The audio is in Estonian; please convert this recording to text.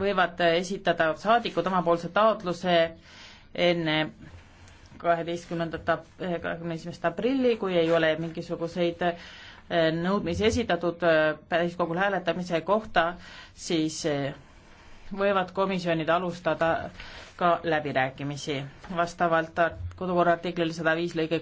võivad esitada saadikud omapoolse taotluse enne kaheteistkümnendat, kahekümne esimest aprilli, kui ei ole mingisuguseid äh, nõudmisi esitatud äh, täiskogul hääletamise kohta, siis äh, võivad komisjonid alustada ka läbirääkimisi. vastavalt kodukorra artiklile sada viis lõige